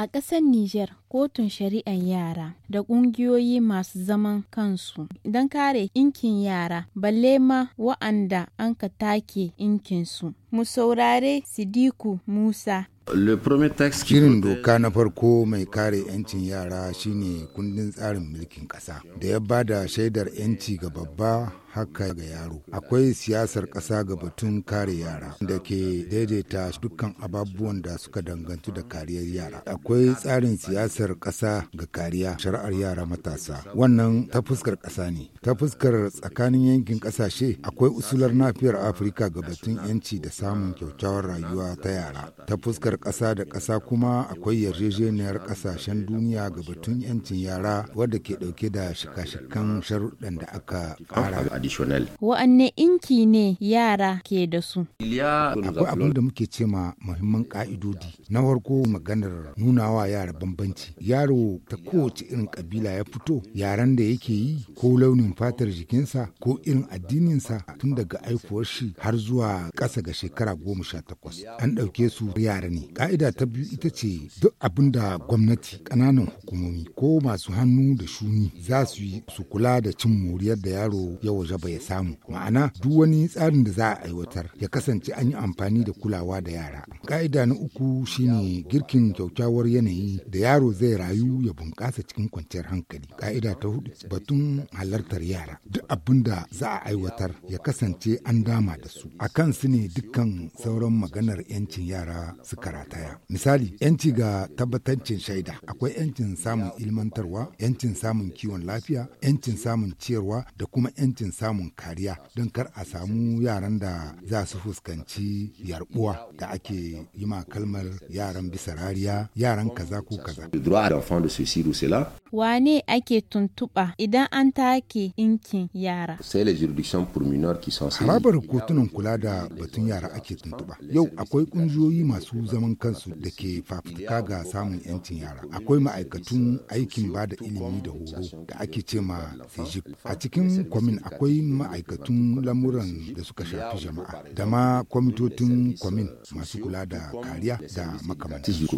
A ƙasar niger kotun shari'ar yara da ƙungiyoyi masu zaman kansu don kare inkin yara balle ma wa'anda an ka take inkinsu. Mu saurare Sidiku Musa Shirin doka na farko mai kare 'yancin yara shine kundin tsarin mulkin ƙasa da ya ba da shaidar 'yanci ga babba haka ga yaro. Akwai siyasar ƙasa ga batun kare yara da ke daidaita dukkan ababuwan da suka dangantu da kariyar yara. Akwai tsarin siyasa majalisar ƙasa ga kariya shari'ar yara matasa wannan ta fuskar ƙasa ne ta fuskar tsakanin yankin ƙasashe akwai usular nafiyar afirka ga batun yanci da samun kyaukyawar rayuwa ta yara ta fuskar ƙasa da ƙasa kuma akwai yarjejeniyar ƙasashen duniya ga batun yancin yara wadda ke ɗauke da shika-shikan sharuɗan da aka ƙara wa'anne inki ne yara ke da su akwai abin da muke cema muhimman ƙa'idodi na farko maganar nunawa yara bambanci yaro ta kowace irin kabila ya fito yaren da yake yi ko launin fatar jikinsa ko irin addininsa tun daga aikuwar shi har zuwa ƙasa ga shekara goma sha takwas an ɗauke su yara ne ƙa'ida ta biyu ita ce duk abin da gwamnati ƙananan hukumomi ko masu hannu da shuni za su yi su kula da cin moriyar da yaro ya waje ya samu ma'ana duk wani tsarin da za a aiwatar ya kasance an yi amfani da kulawa da yara ƙa'ida na uku shine girkin kyakkyawar yanayi da yaro zai rayu ya bunƙasa cikin kwanciyar hankali ka'ida ta hudu batun halartar yara duk abin da za a aiwatar ya kasance an dama da su a kan su ne dukkan sauran maganar yancin yara su karataya misali yanci ga tabbatancin shaida akwai yancin samun ilmantarwa yancin samun kiwon lafiya yancin samun ciyarwa da kuma yancin samun kariya don kar a samu yaran da za su fuskanci yarbuwa da ake yi ma kalmar yaran bisa rariya yaran kaza ko kaza droit d'enfant de ceci ou cela. Wane ake tuntuɓa idan an take inkin yara? Sai les juridictions pour mineurs qui sont Harabar kotunan kula da batun yara ake tuntuɓa. Yau akwai ƙungiyoyi masu zaman kansu da ke fafutuka ga samun 'yancin yara. Akwai ma'aikatun aikin ba da ilimi da horo da ake ce ma Fijik. A cikin kwamin akwai ma'aikatun lamuran da suka shafi jama'a da ma kwamitotin kwamin masu kula da kariya da makamantansu.